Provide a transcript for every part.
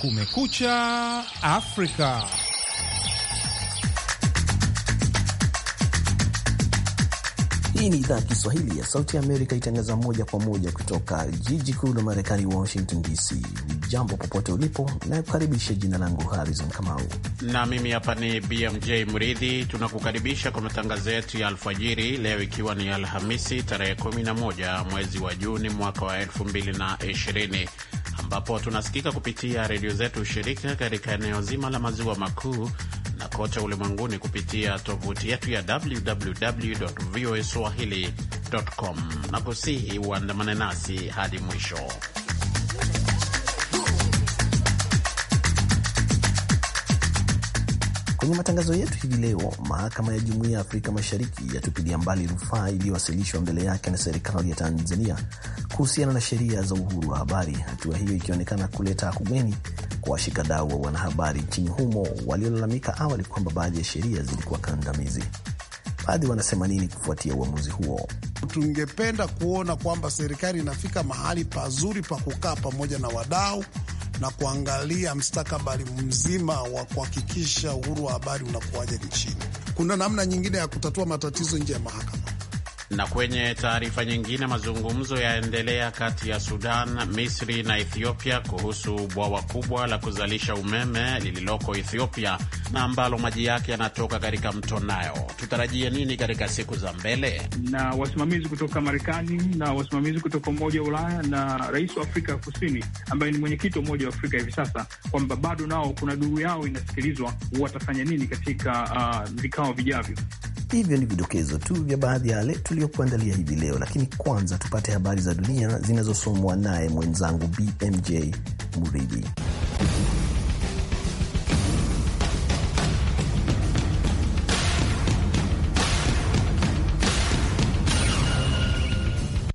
Kumekucha Afrika. Hii ni idhaa ya Kiswahili ya Sauti Amerika itangaza moja kwa moja kutoka jiji kuu la Marekani, Washington DC. Jambo popote ulipo, nakukaribisha. Jina langu Harrison Kamau na mimi hapa ni BMJ Mridhi. Tunakukaribisha kwa matangazo yetu ya alfajiri leo, ikiwa ni Alhamisi tarehe 11 mwezi wa Juni mwaka wa 2020 ambapo tunasikika kupitia redio zetu shirika katika eneo zima la maziwa makuu kote ulimwenguni kupitia tovuti yetu ya www voa www.voaswahili.com na kusihi uandamane nasi hadi mwisho. Kwenye matangazo yetu hivi leo, mahakama ya Jumuiya ya Afrika Mashariki yatupilia mbali rufaa iliyowasilishwa mbele yake na serikali ya Tanzania kuhusiana na sheria za uhuru wa habari, hatua hiyo ikionekana kuleta akumeni kwa washikadau wa wanahabari nchini humo waliolalamika awali kwamba baadhi ya sheria zilikuwa kandamizi. Baadhi wanasema nini kufuatia uamuzi huo? Tungependa kuona kwamba serikali inafika mahali pazuri pa kukaa pamoja na wadau na kuangalia mstakabali mzima wa kuhakikisha uhuru wa habari unakuwaje nchini. Kuna namna nyingine ya kutatua matatizo nje ya mahakama na kwenye taarifa nyingine, mazungumzo yaendelea kati ya Sudan, Misri na Ethiopia kuhusu bwawa kubwa la kuzalisha umeme lililoko Ethiopia na ambalo maji yake yanatoka katika mto Nile. Tutarajie nini katika siku za mbele? Na wasimamizi kutoka Marekani na wasimamizi kutoka Umoja wa Ulaya na rais wa Afrika Kusini ambaye ni mwenyekiti wa Umoja wa Afrika hivi sasa, kwamba bado nao kuna duru yao inasikilizwa, watafanya nini katika uh, vikao vijavyo. Hivyo ni vidokezo tu vya baadhi ya yale tuliyokuandalia hivi leo, lakini kwanza tupate habari za dunia zinazosomwa naye mwenzangu BMJ Muridhi.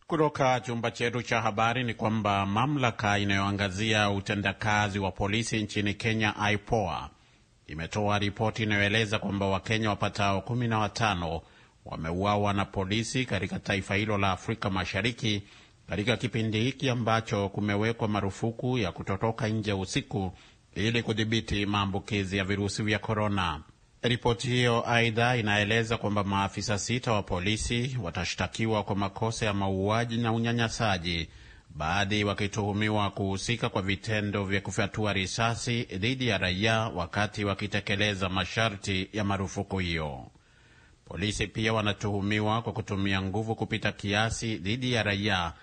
Kutoka chumba chetu cha habari ni kwamba mamlaka inayoangazia utendakazi wa polisi nchini Kenya, IPOA, imetoa ripoti inayoeleza kwamba Wakenya wapatao kumi na watano wameuawa na polisi katika taifa hilo la Afrika Mashariki katika kipindi hiki ambacho kumewekwa marufuku ya kutotoka nje usiku ili kudhibiti maambukizi ya virusi vya korona. Ripoti hiyo aidha inaeleza kwamba maafisa sita wa polisi watashtakiwa kwa makosa ya mauaji na unyanyasaji baadhi wakituhumiwa kuhusika kwa vitendo vya kufyatua risasi dhidi ya raia wakati wakitekeleza masharti ya marufuku hiyo. Polisi pia wanatuhumiwa kwa kutumia nguvu kupita kiasi dhidi ya raia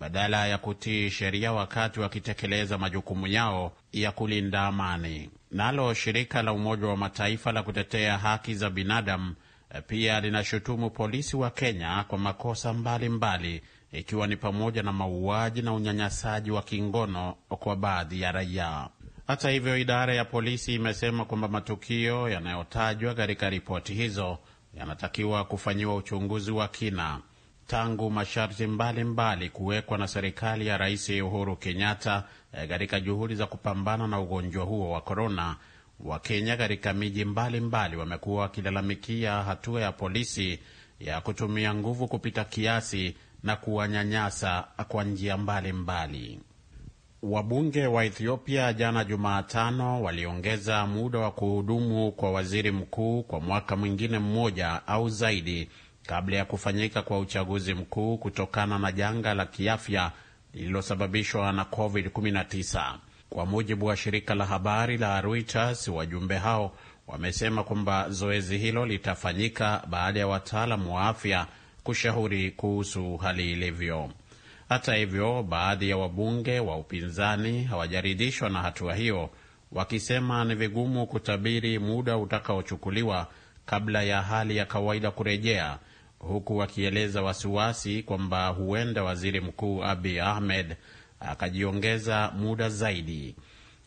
badala ya kutii sheria wakati wakitekeleza majukumu yao ya kulinda amani. Nalo shirika la Umoja wa Mataifa la kutetea haki za binadamu eh, pia linashutumu polisi wa Kenya kwa makosa mbalimbali mbali ikiwa ni pamoja na mauaji na unyanyasaji wa kingono kwa baadhi ya raia. Hata hivyo, idara ya polisi imesema kwamba matukio yanayotajwa katika ripoti hizo yanatakiwa kufanyiwa uchunguzi wa kina. Tangu masharti mbalimbali kuwekwa na serikali ya Rais Uhuru Kenyatta eh, katika juhudi za kupambana na ugonjwa huo wa korona, Wakenya katika miji mbalimbali wamekuwa wakilalamikia hatua ya polisi ya kutumia nguvu kupita kiasi na kuwanyanyasa kwa njia mbalimbali. Wabunge wa Ethiopia jana Jumatano waliongeza muda wa kuhudumu kwa waziri mkuu kwa mwaka mwingine mmoja au zaidi kabla ya kufanyika kwa uchaguzi mkuu kutokana na janga la kiafya lililosababishwa na COVID-19. Kwa mujibu wa shirika la habari la Reuters, wajumbe hao wamesema kwamba zoezi hilo litafanyika baada ya wataalamu wa afya kushauri kuhusu hali ilivyo. Hata hivyo, baadhi ya wabunge wa upinzani hawajaridhishwa na hatua hiyo, wakisema ni vigumu kutabiri muda utakaochukuliwa kabla ya hali ya kawaida kurejea, huku wakieleza wasiwasi kwamba huenda waziri mkuu Abiy Ahmed akajiongeza muda zaidi.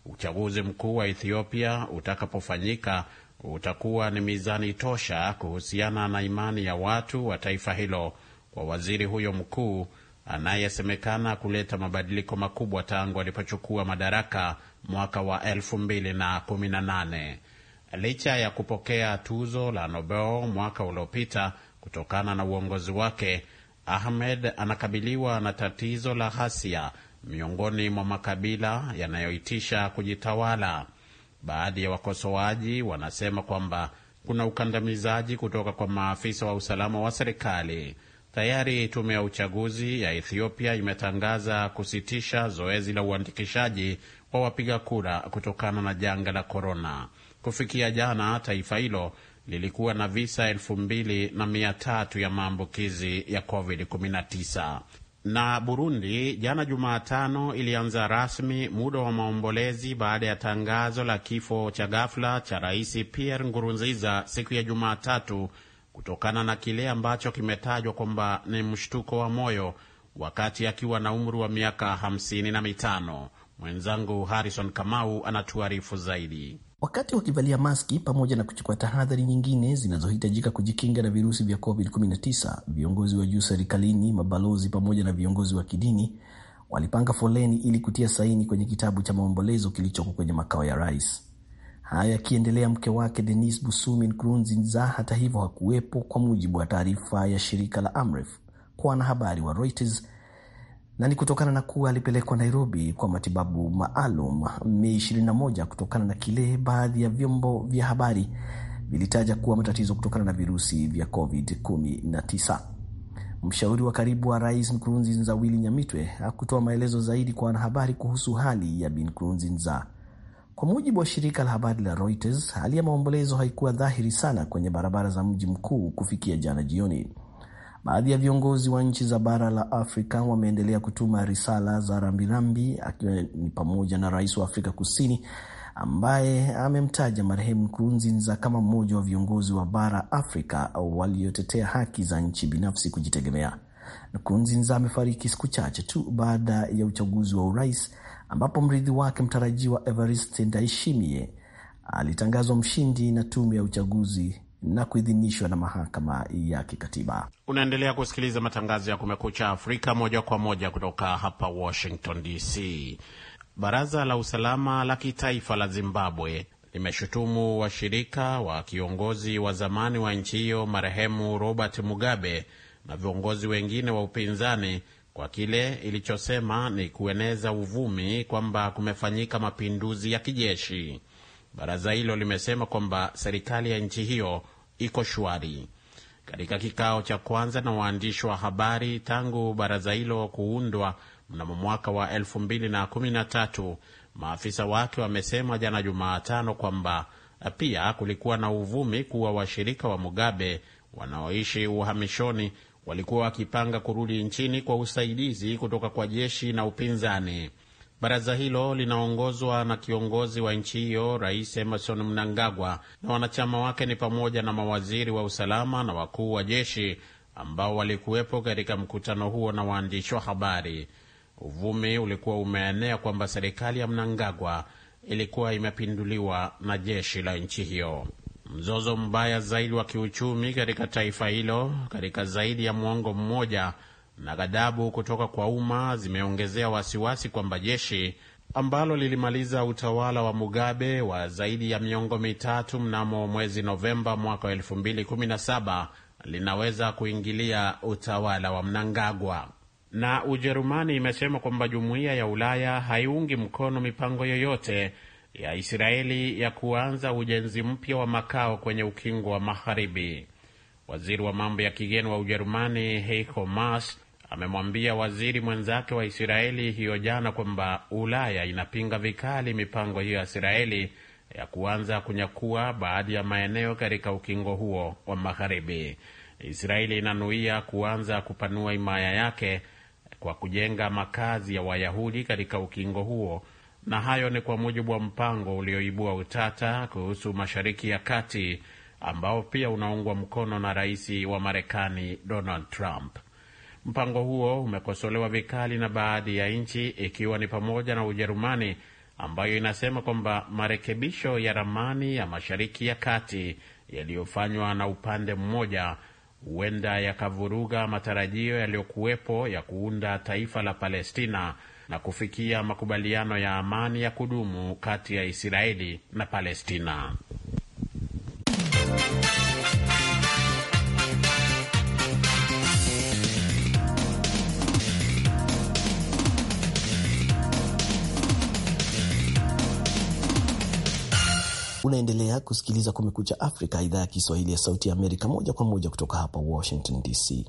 Uchaguzi mkuu wa Ethiopia utakapofanyika utakuwa ni mizani tosha kuhusiana na imani ya watu wa taifa hilo kwa waziri huyo mkuu anayesemekana kuleta mabadiliko makubwa tangu alipochukua madaraka mwaka wa 2018. Licha ya kupokea tuzo la Nobel mwaka uliopita kutokana na uongozi wake, Ahmed anakabiliwa na tatizo la ghasia miongoni mwa makabila yanayoitisha kujitawala. Baadhi ya wakosoaji wanasema kwamba kuna ukandamizaji kutoka kwa maafisa wa usalama wa serikali. Tayari tume ya uchaguzi ya Ethiopia imetangaza kusitisha zoezi la uandikishaji wa wapiga kura kutokana na janga la korona. Kufikia jana, taifa hilo lilikuwa na visa elfu mbili na mia tatu ya maambukizi ya COVID-19. Na Burundi jana Jumatano ilianza rasmi muda wa maombolezi baada ya tangazo la kifo cha ghafla cha Rais Pierre Nkurunziza siku ya Jumatatu kutokana na kile ambacho kimetajwa kwamba ni mshtuko wa moyo wakati akiwa na umri wa miaka hamsini na mitano. Mwenzangu Harrison Kamau anatuarifu zaidi wakati wakivalia maski pamoja na kuchukua tahadhari nyingine zinazohitajika kujikinga na virusi vya COVID-19. Viongozi wa juu serikalini, mabalozi pamoja na viongozi wa kidini walipanga foleni ili kutia saini kwenye kitabu cha maombolezo kilichoko kwenye makao ya rais. Hayo akiendelea, mke wake Denis Busumi Nkurunziza hata hivyo hakuwepo, kwa mujibu wa taarifa ya shirika la Amref kwa wanahabari wa Reuters na ni kutokana na kuwa alipelekwa Nairobi kwa matibabu maalum Mei 21 kutokana na kile baadhi ya vyombo vya habari vilitaja kuwa matatizo kutokana na virusi vya COVID-19. Mshauri wa karibu wa rais Nkurunziza, Willy Nyamitwe, hakutoa maelezo zaidi kwa wanahabari kuhusu hali ya Bi Nkurunziza. Kwa mujibu wa shirika la habari la Reuters, hali ya maombolezo haikuwa dhahiri sana kwenye barabara za mji mkuu kufikia jana jioni. Baadhi ya viongozi wa nchi za bara la Afrika wameendelea kutuma risala za rambirambi, akiwa ni pamoja na rais wa Afrika Kusini ambaye amemtaja marehemu Nkurunziza kama mmoja wa viongozi wa bara Afrika waliotetea haki za nchi binafsi kujitegemea. Nkurunziza amefariki siku chache tu baada ya uchaguzi wa urais ambapo mrithi wake mtarajiwa Evariste Ndayishimiye alitangazwa mshindi na tume ya uchaguzi na kuidhinishwa na mahakama ya kikatiba. Unaendelea kusikiliza matangazo ya Kumekucha Afrika moja kwa moja kutoka hapa Washington DC. Baraza la Usalama la Kitaifa la Zimbabwe limeshutumu washirika wa kiongozi wa zamani wa nchi hiyo marehemu Robert Mugabe na viongozi wengine wa upinzani kwa kile ilichosema ni kueneza uvumi kwamba kumefanyika mapinduzi ya kijeshi. Baraza hilo limesema kwamba serikali ya nchi hiyo iko shwari. Katika kikao cha kwanza na waandishi wa habari tangu baraza hilo kuundwa mnamo mwaka wa elfu mbili na kumi na tatu, maafisa wake wamesema jana Jumatano kwamba pia kulikuwa na uvumi kuwa washirika wa Mugabe wanaoishi uhamishoni walikuwa wakipanga kurudi nchini kwa usaidizi kutoka kwa jeshi na upinzani. Baraza hilo linaongozwa na kiongozi wa nchi hiyo Rais Emerson Mnangagwa, na wanachama wake ni pamoja na mawaziri wa usalama na wakuu wa jeshi ambao walikuwepo katika mkutano huo na waandishi wa habari. Uvumi ulikuwa umeenea kwamba serikali ya Mnangagwa ilikuwa imepinduliwa na jeshi la nchi hiyo. Mzozo mbaya zaidi wa kiuchumi katika taifa hilo katika zaidi ya mwongo mmoja na ghadhabu kutoka kwa umma zimeongezea wasiwasi kwamba jeshi ambalo lilimaliza utawala wa Mugabe wa zaidi ya miongo mitatu mnamo mwezi Novemba mwaka 2017 linaweza kuingilia utawala wa Mnangagwa. Na Ujerumani imesema kwamba jumuiya ya Ulaya haiungi mkono mipango yoyote ya Israeli ya kuanza ujenzi mpya wa makao kwenye ukingo wa Magharibi. Waziri wa mambo ya kigeni wa Ujerumani Heiko Maas amemwambia waziri mwenzake wa Israeli hiyo jana kwamba Ulaya inapinga vikali mipango hiyo ya Israeli ya kuanza kunyakua baadhi ya maeneo katika ukingo huo wa magharibi. Israeli inanuia kuanza kupanua himaya yake kwa kujenga makazi ya Wayahudi katika ukingo huo, na hayo ni kwa mujibu wa mpango ulioibua utata kuhusu Mashariki ya Kati ambao pia unaungwa mkono na rais wa Marekani Donald Trump. Mpango huo umekosolewa vikali na baadhi ya nchi ikiwa ni pamoja na Ujerumani ambayo inasema kwamba marekebisho ya ramani ya Mashariki ya Kati yaliyofanywa na upande mmoja huenda yakavuruga matarajio yaliyokuwepo ya kuunda taifa la Palestina na kufikia makubaliano ya amani ya kudumu kati ya Israeli na Palestina. Unaendelea kusikiliza Kumekucha Afrika, idhaa ya Kiswahili ya Sauti ya Amerika, moja kwa moja kutoka hapa Washington DC.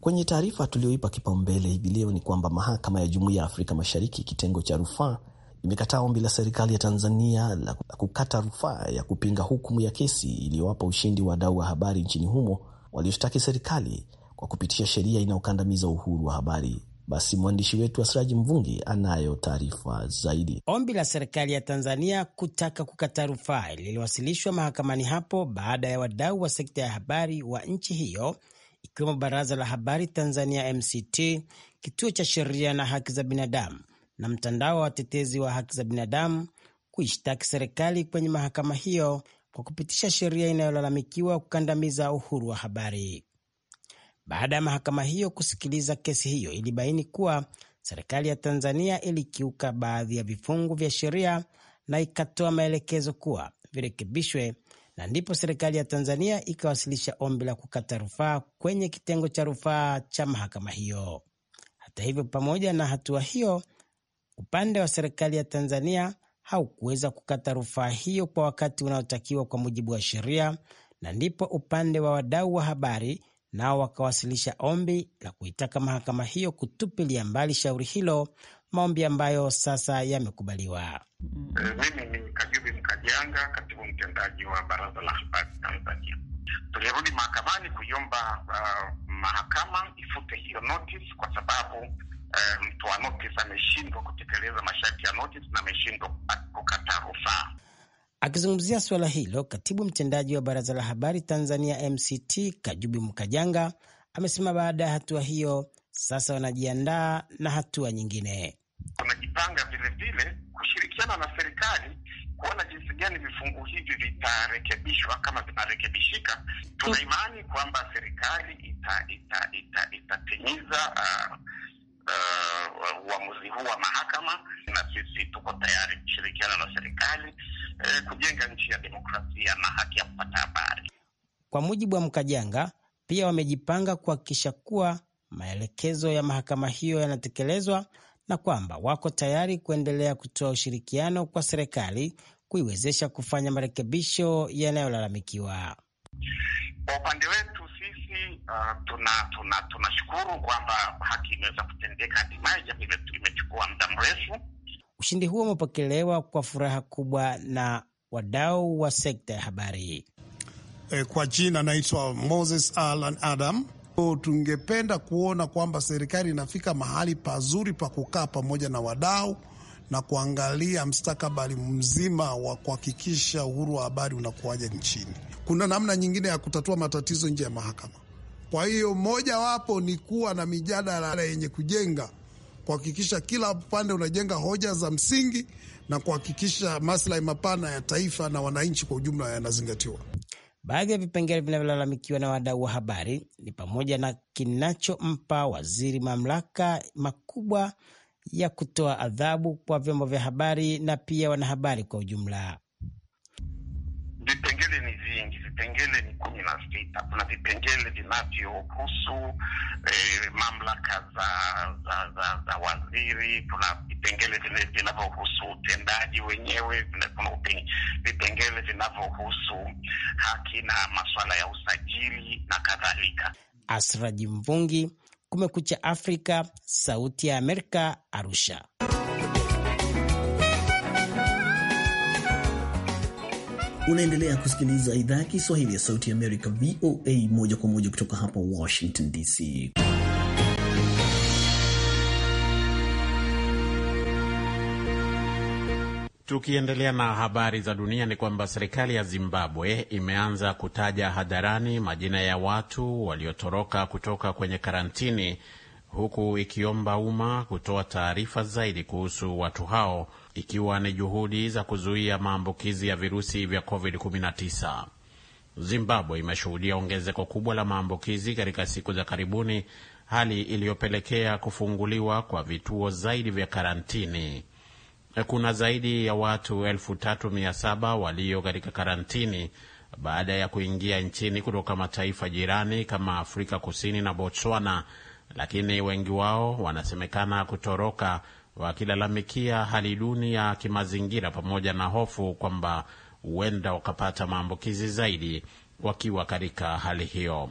Kwenye taarifa tuliyoipa kipaumbele hivi leo ni kwamba mahakama ya Jumuiya ya Afrika Mashariki kitengo cha rufaa imekataa ombi la serikali ya Tanzania la kukata rufaa ya kupinga hukumu ya kesi iliyowapa ushindi wadau wa habari nchini humo walioshtaki serikali kwa kupitisha sheria inayokandamiza uhuru wa habari basi mwandishi wetu Asraji Mvungi anayo taarifa zaidi. Ombi la serikali ya Tanzania kutaka kukata rufaa liliwasilishwa mahakamani hapo baada ya wadau wa sekta ya habari wa nchi hiyo ikiwemo Baraza la Habari Tanzania MCT, Kituo cha Sheria na Haki za Binadamu na mtandao wa watetezi wa haki za binadamu kuishtaki serikali kwenye mahakama hiyo kwa kupitisha sheria inayolalamikiwa kukandamiza uhuru wa habari baada ya mahakama hiyo kusikiliza kesi hiyo ilibaini kuwa serikali ya Tanzania ilikiuka baadhi ya vifungu vya sheria na ikatoa maelekezo kuwa virekebishwe, na ndipo serikali ya Tanzania ikawasilisha ombi la kukata rufaa kwenye kitengo cha rufaa cha mahakama hiyo. Hata hivyo, pamoja na hatua hiyo, upande wa serikali ya Tanzania haukuweza kukata rufaa hiyo kwa wakati unaotakiwa kwa mujibu wa sheria, na ndipo upande wa wadau wa habari nao wakawasilisha ombi la kuitaka mahakama hiyo kutupilia mbali shauri hilo, maombi ambayo sasa yamekubaliwa. Mimi ni Kajubi Mkajanga, katibu mtendaji wa Baraza la Habari Tanzania. Tulirudi mahakamani kuiomba uh, mahakama ifute hiyo notice kwa sababu um, wa notice ameshindwa kutekeleza masharti ya notice na ameshindwa kukata rufaa. Akizungumzia suala hilo, katibu mtendaji wa baraza la habari Tanzania MCT Kajubi Mkajanga amesema baada ya hatua hiyo sasa wanajiandaa na hatua nyingine. Wanajipanga vilevile kushirikiana na serikali kuona jinsi gani vifungu hivi vitarekebishwa kama vinarekebishika. Tuna imani kwamba serikali itatimiza ita, ita, ita, ita uh, Uh, uamuzi huu wa mahakama, na sisi tuko tayari kushirikiana na serikali uh, kujenga nchi ya demokrasia na haki ya kupata habari. Kwa mujibu wa Mkajanga, pia wamejipanga kuhakikisha kuwa maelekezo ya mahakama hiyo yanatekelezwa na kwamba wako tayari kuendelea kutoa ushirikiano kwa serikali kuiwezesha kufanya marekebisho yanayolalamikiwa. Kwa upande wetu hii uh, tuna tuna tunashukuru kwamba haki imeweza kutendeka hatimaye, japo imechukua muda mrefu. Ushindi huo umepokelewa kwa furaha kubwa na wadau wa sekta ya habari. E, kwa jina naitwa Moses Alan Adam. Tungependa kuona kwamba serikali inafika mahali pazuri pa kukaa pamoja na wadau na kuangalia mstakabali mzima wa kuhakikisha uhuru wa habari unakuwaje nchini. Kuna namna nyingine ya kutatua matatizo nje ya mahakama. Kwa hiyo mojawapo ni kuwa na mijadala yenye kujenga, kuhakikisha kila upande unajenga hoja za msingi na kuhakikisha maslahi mapana ya taifa na wananchi kwa ujumla yanazingatiwa. Baadhi ya vipengele vinavyolalamikiwa na wadau wa habari ni pamoja na kinachompa waziri mamlaka makubwa ya kutoa adhabu kwa vyombo vya habari na pia wanahabari kwa ujumla. Vipengele ni vipengele ni kumi na sita. Kuna vipengele vinavyohusu eh, mamlaka za za, za za waziri. Kuna vipengele vinavyohusu utendaji wenyewe. Kuna vipengele vinavyohusu haki na masuala ya usajili na kadhalika. Asraji Mvungi, Kumekucha Afrika, Sauti ya Amerika, Arusha. Unaendelea kusikiliza idhaa ya Kiswahili ya Sauti ya Amerika, VOA, moja kwa moja kutoka hapa Washington DC. Tukiendelea na habari za dunia ni kwamba serikali ya Zimbabwe imeanza kutaja hadharani majina ya watu waliotoroka kutoka kwenye karantini huku ikiomba umma kutoa taarifa zaidi kuhusu watu hao ikiwa ni juhudi za kuzuia maambukizi ya virusi vya COVID-19. Zimbabwe imeshuhudia ongezeko kubwa la maambukizi katika siku za karibuni, hali iliyopelekea kufunguliwa kwa vituo zaidi vya karantini. Kuna zaidi ya watu elfu tatu mia saba walio katika karantini baada ya kuingia nchini kutoka mataifa jirani kama Afrika Kusini na Botswana lakini wengi wao wanasemekana kutoroka wakilalamikia hali duni ya kimazingira pamoja na hofu kwamba huenda wakapata maambukizi zaidi wakiwa katika hali hiyo.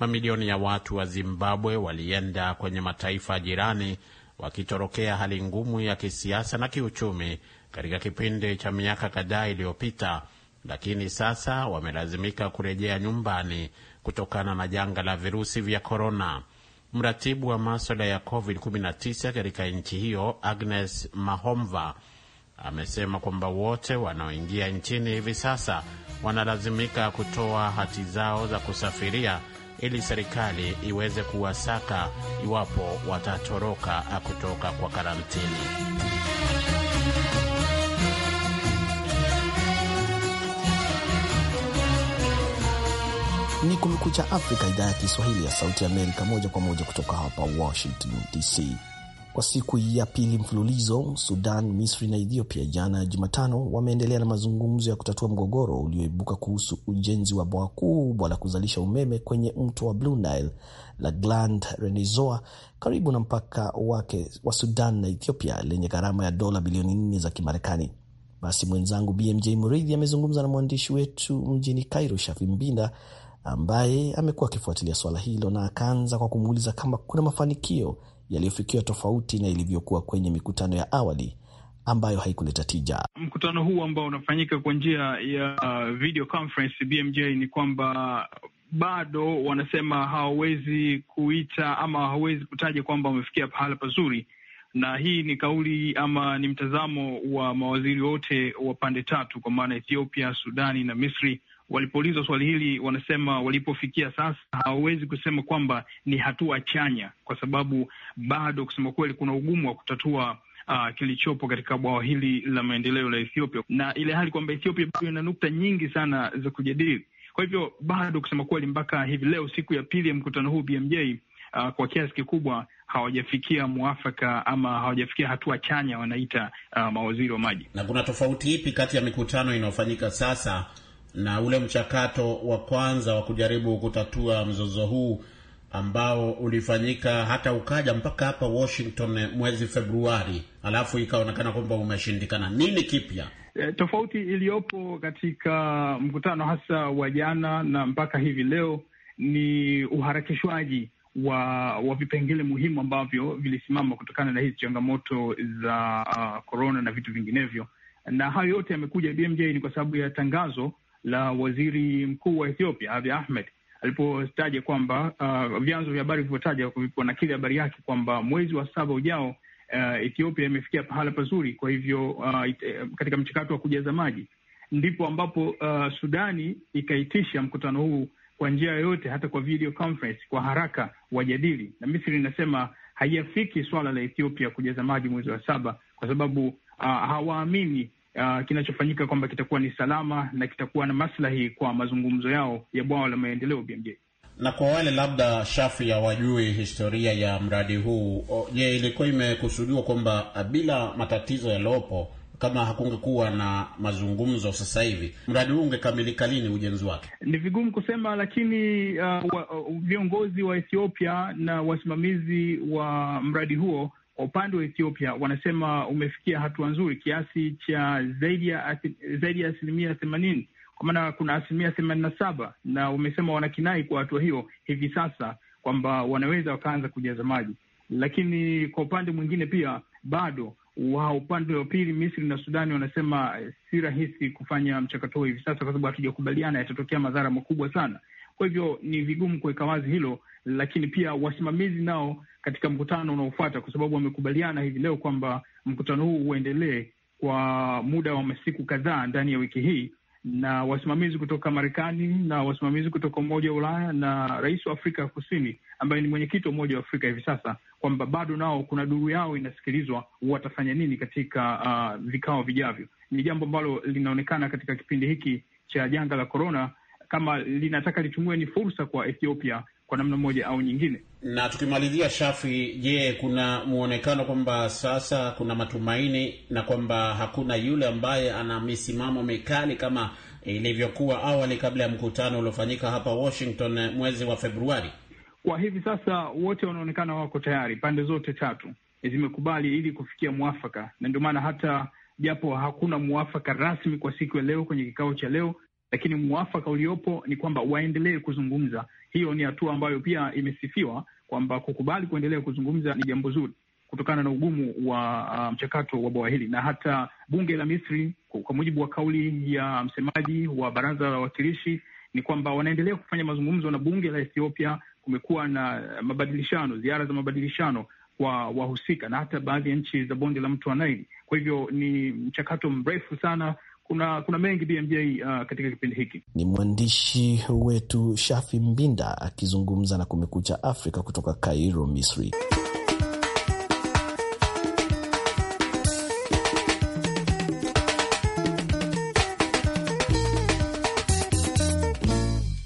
Mamilioni ya watu wa Zimbabwe walienda kwenye mataifa jirani wakitorokea hali ngumu ya kisiasa na kiuchumi katika kipindi cha miaka kadhaa iliyopita, lakini sasa wamelazimika kurejea nyumbani kutokana na janga la virusi vya korona mratibu wa maswala ya COVID-19 katika nchi hiyo Agnes Mahomva amesema kwamba wote wanaoingia nchini hivi sasa wanalazimika kutoa hati zao za kusafiria ili serikali iweze kuwasaka iwapo watatoroka kutoka kwa karantini. ni Kumekucha Afrika, idhaa ya Kiswahili ya Sauti Amerika, moja kwa moja kutoka hapa Washington DC. Kwa siku ya pili mfululizo, Sudan, Misri na Ethiopia jana Jumatano wameendelea na mazungumzo ya kutatua mgogoro ulioibuka kuhusu ujenzi wa bwawa kubwa la kuzalisha umeme kwenye mto wa Blue Nile la Grand renezoa karibu na mpaka wake wa Sudan na Ethiopia lenye gharama ya dola bilioni nne za Kimarekani. Basi mwenzangu BMJ Muridhi amezungumza na mwandishi wetu mjini Cairo, Shafi Mbinda ambaye amekuwa akifuatilia swala hilo na akaanza kwa kumuuliza kama kuna mafanikio yaliyofikiwa tofauti na ilivyokuwa kwenye mikutano ya awali ambayo haikuleta tija. Mkutano huu ambao unafanyika kwa njia ya uh, video conference BMJ, ni kwamba bado wanasema hawawezi kuita ama hawawezi kutaja kwamba wamefikia pahala pazuri, na hii ni kauli ama ni mtazamo wa mawaziri wote wa pande tatu, kwa maana Ethiopia, Sudani na Misri walipoulizwa swali hili wanasema walipofikia sasa hawawezi kusema kwamba ni hatua chanya, kwa sababu bado kusema kweli kuna ugumu wa kutatua Uh, kilichopo katika bwawa hili la maendeleo la Ethiopia na ile hali kwamba Ethiopia bado ina nukta nyingi sana za kujadili. Kwa hivyo bado kusema kweli, mpaka hivi leo siku ya pili ya mkutano huu BMJ, uh, kwa kiasi kikubwa hawajafikia mwafaka ama hawajafikia hatua chanya wanaita, uh, mawaziri wa maji. Na kuna tofauti ipi kati ya mikutano inayofanyika sasa na ule mchakato wa kwanza wa kujaribu kutatua mzozo huu ambao ulifanyika hata ukaja mpaka hapa Washington mwezi Februari, alafu ikaonekana kwamba umeshindikana. Nini kipya e, tofauti iliyopo katika mkutano hasa wa jana na mpaka hivi leo ni uharakishwaji wa wa vipengele muhimu ambavyo vilisimama kutokana na hizi changamoto za korona uh, na vitu vinginevyo, na hayo yote yamekuja BMJ ni kwa sababu ya tangazo la waziri mkuu wa Ethiopia Abiy Ahmed alipotaja kwamba uh, vyanzo vya habari vilivyotaja wanakili habari yake kwamba mwezi wa saba ujao uh, Ethiopia imefikia pahala pazuri, kwa hivyo uh, it, eh, katika mchakato wa kujaza maji ndipo ambapo uh, Sudani ikaitisha mkutano huu kwa njia yoyote, hata kwa video conference, kwa haraka wajadili. Na Misri inasema haiyafiki swala la Ethiopia kujaza maji mwezi wa saba kwa sababu uh, hawaamini uh, kinachofanyika kwamba kitakuwa ni salama na kitakuwa na maslahi kwa mazungumzo yao ya bwawa la maendeleo BMJ. Na kwa wale labda shafi ya wajui historia ya mradi huu, je, ilikuwa imekusudiwa kwamba ah, bila matatizo yaliyopo kama hakungekuwa na mazungumzo sasa hivi mradi huu ungekamilika lini? Ujenzi wake ni vigumu kusema, lakini uh, wa, uh, viongozi wa Ethiopia na wasimamizi wa mradi huo kwa upande wa Ethiopia wanasema umefikia hatua nzuri kiasi cha zaidi ya zaidi ya asilimia themanini kwa maana kuna asilimia themanini na saba na wamesema wanakinai kwa hatua hiyo hivi sasa kwamba wanaweza wakaanza kujaza maji, lakini kwa upande mwingine pia bado wa upande wa pili Misri na Sudani wanasema eh, si rahisi kufanya mchakato huo hivi sasa, kwa sababu hatujakubaliana, yatatokea madhara makubwa sana. Kwa hivyo ni vigumu kuweka wazi hilo, lakini pia wasimamizi nao katika mkutano unaofuata, kwa sababu wamekubaliana hivi leo kwamba mkutano huu uendelee kwa muda wa masiku kadhaa ndani ya wiki hii, na wasimamizi kutoka Marekani na wasimamizi kutoka Umoja wa Ulaya na rais wa Afrika ya Kusini ambaye ni mwenyekiti wa Umoja wa Afrika hivi sasa, kwamba bado nao kuna duru yao inasikilizwa, watafanya nini katika uh, vikao vijavyo. Ni jambo ambalo linaonekana katika kipindi hiki cha janga la korona kama linataka litumiwe ni fursa kwa Ethiopia kwa namna moja au nyingine. Na tukimalizia, Shafi, je, kuna mwonekano kwamba sasa kuna matumaini na kwamba hakuna yule ambaye ana misimamo mikali kama ilivyokuwa awali kabla ya mkutano uliofanyika hapa Washington mwezi wa Februari? Kwa hivi sasa wote wanaonekana wako tayari, pande zote tatu eh, zimekubali ili kufikia mwafaka, na ndio maana hata japo hakuna mwafaka rasmi kwa siku ya leo kwenye kikao cha leo lakini mwafaka uliopo ni kwamba waendelee kuzungumza. Hiyo ni hatua ambayo pia imesifiwa kwamba kukubali kuendelea kuzungumza ni jambo zuri kutokana na ugumu wa uh, mchakato wa bwawa hili na hata bunge la Misri kwa mujibu wa kauli ya msemaji wa baraza la wawakilishi ni kwamba wanaendelea kufanya mazungumzo na bunge la Ethiopia. Kumekuwa na mabadilishano, ziara za mabadilishano kwa wahusika na hata baadhi ya nchi za bonde la mto wa Naili. Kwa hivyo ni mchakato mrefu sana kuna kuna mengi BMJ uh, katika kipindi hiki. Ni mwandishi wetu Shafi Mbinda akizungumza na Kumekucha Afrika kutoka cairo Misri.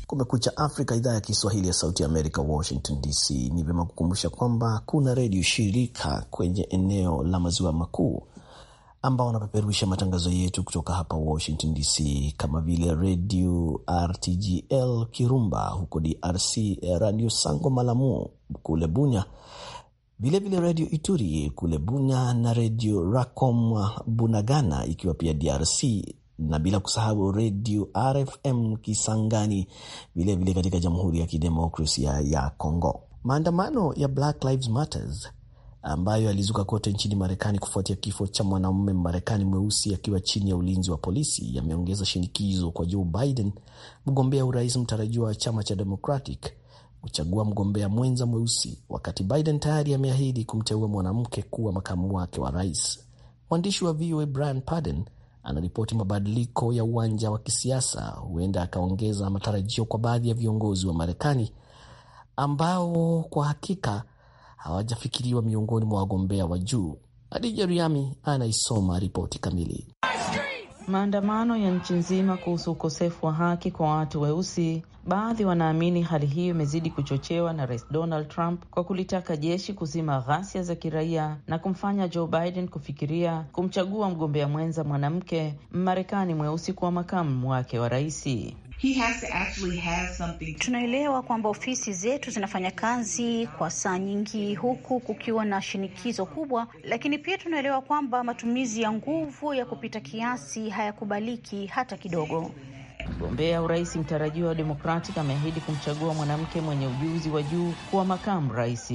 Kumekucha Afrika, idhaa ya Kiswahili ya Sauti Amerika, Washington DC. Ni vyema kukumbusha kwamba kuna redio shirika kwenye eneo la maziwa makuu ambao wanapeperusha matangazo yetu kutoka hapa Washington DC, kama vile radio RTGL Kirumba huko DRC, radio Sango Malamu kule Bunya, vilevile radio Ituri kule Bunya na redio Racom Bunagana ikiwa pia DRC, na bila kusahau redio RFM Kisangani vilevile katika Jamhuri ya Kidemokrasia ya congo Maandamano ya Black Lives Matters ambayo yalizuka kote nchini Marekani kufuatia kifo cha mwanamume Marekani mweusi akiwa chini ya ulinzi wa polisi yameongeza shinikizo kwa Joe Biden, mgombea urais mtarajiwa wa chama cha Democratic, kuchagua mgombea mwenza mweusi, wakati Biden tayari ameahidi kumteua mwanamke kuwa makamu wake wa rais. Mwandishi wa VOA Brian Padden anaripoti mabadiliko ya uwanja wa kisiasa huenda akaongeza matarajio kwa baadhi ya viongozi wa Marekani ambao kwa hakika hawajafikiriwa miongoni mwa wagombea wa juu. Adija Riami anaisoma ripoti kamili. Maandamano ya nchi nzima kuhusu ukosefu wa haki kwa watu weusi. Baadhi wanaamini hali hiyo imezidi kuchochewa na Rais Donald Trump kwa kulitaka jeshi kuzima ghasia za kiraia na kumfanya Joe Biden kufikiria kumchagua mgombea mwenza mwanamke Mmarekani mweusi kuwa makamu wake wa raisi. Tunaelewa kwamba ofisi zetu zinafanya kazi kwa saa nyingi huku kukiwa na shinikizo kubwa, lakini pia tunaelewa kwamba matumizi ya nguvu ya kupita kiasi hayakubaliki hata kidogo. Mgombea urais mtarajiwa wa Demokratic ameahidi kumchagua mwanamke mwenye ujuzi wa juu kuwa makamu rais.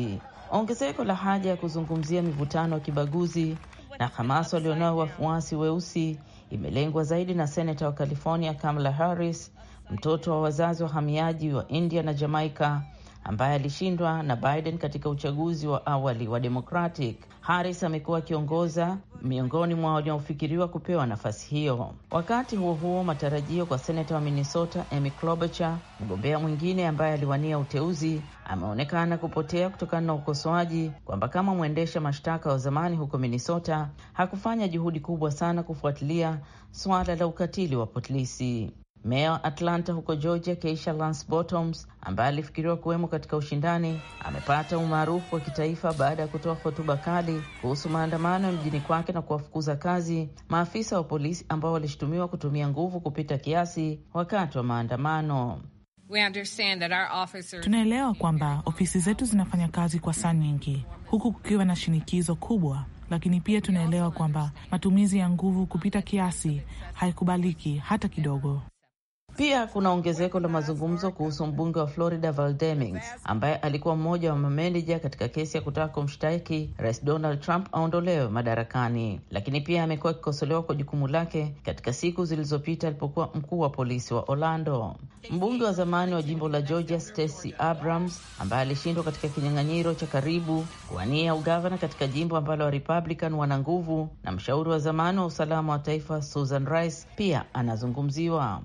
Ongezeko la haja ya kuzungumzia mivutano ya kibaguzi na Hamas walionao wafuasi weusi imelengwa zaidi na senata wa California Kamala Harris mtoto wa wazazi wahamiaji wa India na Jamaika ambaye alishindwa na Biden katika uchaguzi wa awali wa Democratic. Harris amekuwa akiongoza miongoni mwa wanaofikiriwa kupewa nafasi hiyo. Wakati huo huo, matarajio kwa senata wa Minnesota Amy Klobuchar, mgombea mwingine ambaye aliwania uteuzi, ameonekana kupotea kutokana na ukosoaji kwamba kama mwendesha mashtaka wa zamani huko Minnesota hakufanya juhudi kubwa sana kufuatilia swala la ukatili wa polisi. Meya wa Atlanta huko Georgia, Keisha Lance Bottoms, ambaye alifikiriwa kuwemo katika ushindani, amepata umaarufu wa kitaifa baada ya kutoa hotuba kali kuhusu maandamano ya mjini kwake na kuwafukuza kazi maafisa wa polisi ambao walishutumiwa kutumia nguvu kupita kiasi wakati wa maandamano. Officers... tunaelewa kwamba ofisi zetu zinafanya kazi kwa saa nyingi huku kukiwa na shinikizo kubwa lakini pia tunaelewa kwamba matumizi ya nguvu kupita kiasi haikubaliki hata kidogo. Pia kuna ongezeko la mazungumzo kuhusu mbunge wa Florida Val Demings ambaye alikuwa mmoja wa mameneja katika kesi ya kutaka kumshtaki Rais Donald Trump aondolewe madarakani, lakini pia amekuwa akikosolewa kwa jukumu lake katika siku zilizopita alipokuwa mkuu wa polisi wa Orlando. Mbunge wa zamani wa jimbo la Georgia Stacey Abrams ambaye alishindwa katika kinyang'anyiro cha karibu kuwania ugavana katika jimbo ambalo wa Republican wana nguvu, na mshauri wa zamani wa usalama wa taifa Susan Rice pia anazungumziwa.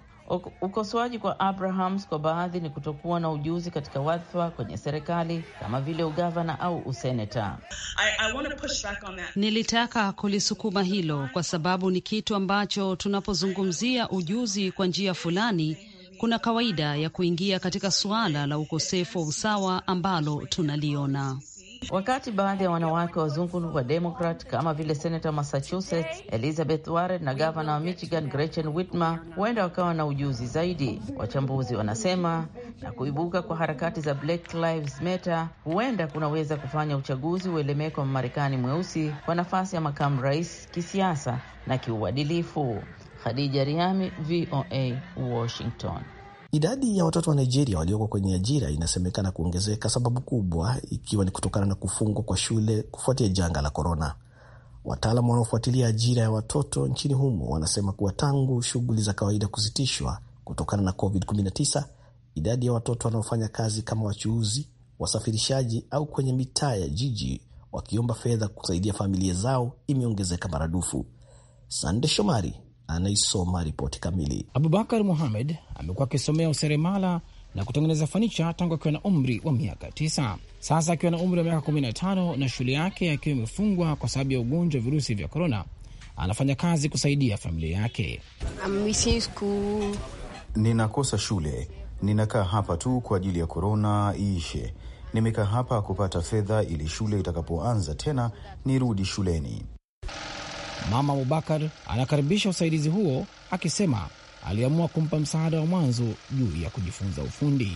Ukosoaji kwa Abrahams kwa baadhi ni kutokuwa na ujuzi katika wadhifa kwenye serikali kama vile ugavana au useneta. nilitaka kulisukuma hilo kwa sababu ni kitu ambacho tunapozungumzia ujuzi kwa njia fulani kuna kawaida ya kuingia katika suala la ukosefu wa usawa ambalo tunaliona wakati baadhi ya wanawake wazungu wa Demokrat kama vile senata Massachusetts Elizabeth Warren na gavana wa Michigan Gretchen Whitmer huenda wakawa na ujuzi zaidi, wachambuzi wanasema. Na kuibuka kwa harakati za Black Lives Matter huenda kunaweza kufanya uchaguzi uelemeko wa Mmarekani mweusi kwa nafasi ya makamu rais kisiasa na kiuadilifu. Khadija Riami, VOA, Washington. Idadi ya watoto wa Nigeria walioko kwenye ajira inasemekana kuongezeka, sababu kubwa ikiwa ni kutokana na kufungwa kwa shule kufuatia janga la korona. Wataalam wanaofuatilia ajira ya watoto nchini humo wanasema kuwa tangu shughuli za kawaida kusitishwa kutokana na COVID-19, idadi ya watoto wanaofanya kazi kama wachuuzi, wasafirishaji au kwenye mitaa ya jiji wakiomba fedha kusaidia familia zao imeongezeka maradufu. Sande Shomari, anaisoma ripoti kamili. Abubakar Muhamed amekuwa akisomea useremala na kutengeneza fanicha tangu akiwa na umri wa miaka tisa. Sasa akiwa na umri wa miaka 15 na shule yake akiwa imefungwa kwa sababu ya ugonjwa wa virusi vya korona, anafanya kazi kusaidia familia yake. Ninakosa shule, ninakaa hapa tu kwa ajili ya korona iishe. Nimekaa hapa kupata fedha ili shule itakapoanza tena nirudi shuleni. Mama Abubakar anakaribisha usaidizi huo akisema aliamua kumpa msaada wa mwanzo juu ya kujifunza ufundi.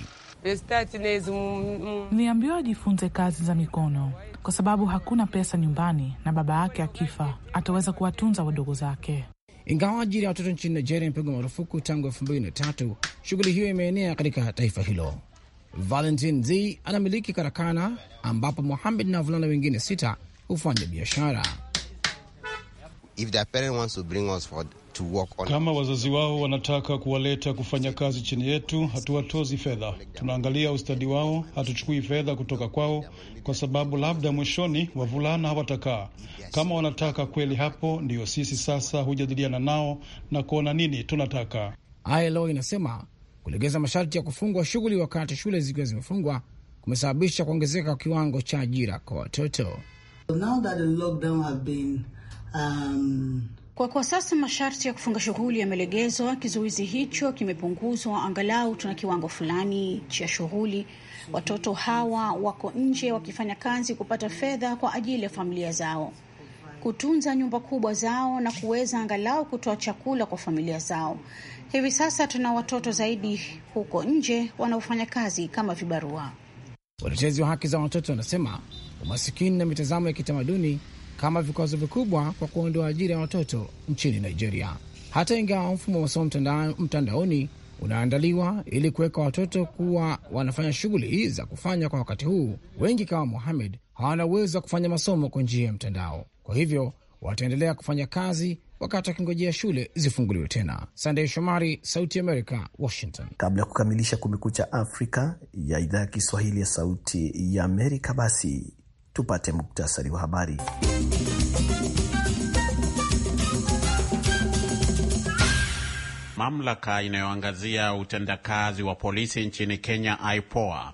niambiwa ajifunze kazi za mikono kwa sababu hakuna pesa nyumbani, na baba yake akifa ataweza kuwatunza wadogo zake. Ingawa ajira ya watoto nchini Nigeria imepigwa marufuku tangu elfu mbili na tatu, shughuli hiyo imeenea katika taifa hilo. Valentin Z anamiliki karakana ambapo Mohamed na wavulana wengine sita hufanya biashara. If their to bring us for, to work on... kama wazazi wao wanataka kuwaleta kufanya kazi chini yetu, hatuwatozi fedha. Tunaangalia ustadi wao, hatuchukui fedha kutoka kwao, kwa sababu labda mwishoni wavulana hawatakaa. Kama wanataka kweli, hapo ndiyo sisi sasa hujadiliana nao na kuona nini tunataka. ILO inasema kulegeza masharti ya kufungwa shughuli wakati shule zikiwa zimefungwa kumesababisha kuongezeka kwa kiwango cha ajira kwa watoto um, kwa kwa sasa masharti ya kufunga shughuli yamelegezwa. Kizuizi hicho kimepunguzwa angalau tuna kiwango fulani cha shughuli. Watoto hawa wako nje wakifanya kazi kupata fedha kwa ajili ya familia zao, kutunza nyumba kubwa zao na kuweza angalau kutoa chakula kwa familia zao. Hivi sasa tuna watoto zaidi huko nje wanaofanya kazi kama vibarua. Watetezi wa haki za watoto wanasema umasikini na mitazamo ya kitamaduni kama vikwazo vikubwa kwa kuondoa ajira ya watoto nchini Nigeria. Hata ingawa mfumo wa masomo mtandaoni unaandaliwa ili kuweka watoto kuwa wanafanya shughuli za kufanya kwa wakati huu, wengi kama Muhamed hawana uwezo wa kufanya masomo kwa njia ya mtandao. Kwa hivyo wataendelea kufanya kazi wakati wakingojea shule zifunguliwe tena. Sandey Shomari, Sauti America, Washington. Kabla ya kukamilisha Kumekucha Afrika ya idhaa ya Kiswahili ya Sauti ya Amerika, basi tupate muktasari wa habari. Mamlaka inayoangazia utendakazi wa polisi nchini Kenya, IPOA,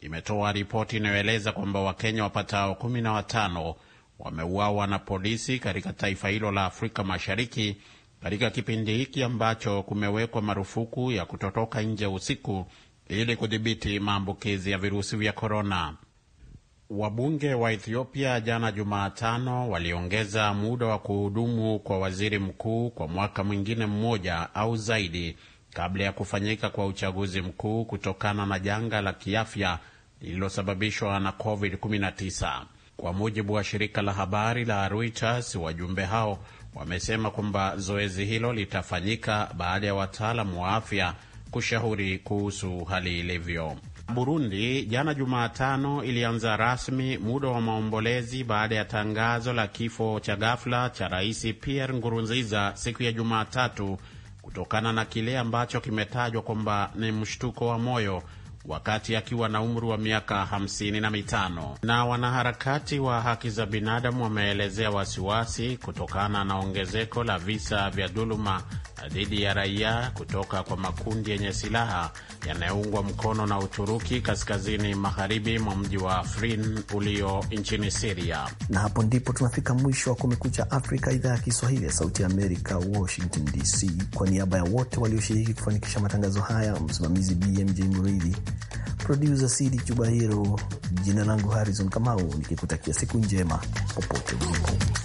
imetoa ripoti inayoeleza kwamba Wakenya wapatao kumi na watano wameuawa na polisi katika taifa hilo la Afrika Mashariki katika kipindi hiki ambacho kumewekwa marufuku ya kutotoka nje usiku ili kudhibiti maambukizi ya virusi vya korona. Wabunge wa Ethiopia jana Jumatano waliongeza muda wa kuhudumu kwa waziri mkuu kwa mwaka mwingine mmoja au zaidi kabla ya kufanyika kwa uchaguzi mkuu kutokana na janga la kiafya lililosababishwa na COVID-19. Kwa mujibu wa shirika la habari la Reuters, wajumbe hao wamesema kwamba zoezi hilo litafanyika baada ya wataalamu wa afya kushauri kuhusu hali ilivyo. Burundi jana Jumatano ilianza rasmi muda wa maombolezi baada ya tangazo la kifo cha ghafla cha Rais Pierre Nkurunziza siku ya Jumatatu kutokana na kile ambacho kimetajwa kwamba ni mshtuko wa moyo wakati akiwa na umri wa miaka hamsini na mitano. Na wanaharakati wa haki za binadamu wameelezea wasiwasi kutokana na ongezeko la visa vya dhuluma dhidi ya raia kutoka kwa makundi yenye silaha yanayoungwa mkono na Uturuki kaskazini magharibi mwa mji wa Afrin ulio nchini Siria. Na hapo ndipo tunafika mwisho wa Kumekucha Afrika, idhaa ya Kiswahili ya Sauti ya Amerika, Washington DC. Kwa niaba ya wote walioshiriki kufanikisha matangazo haya, msimamizi BMJ Mridhi, Produsa Sidi Chubahiro, jina langu Harrison Kamau, nikikutakia siku njema popote ulipo.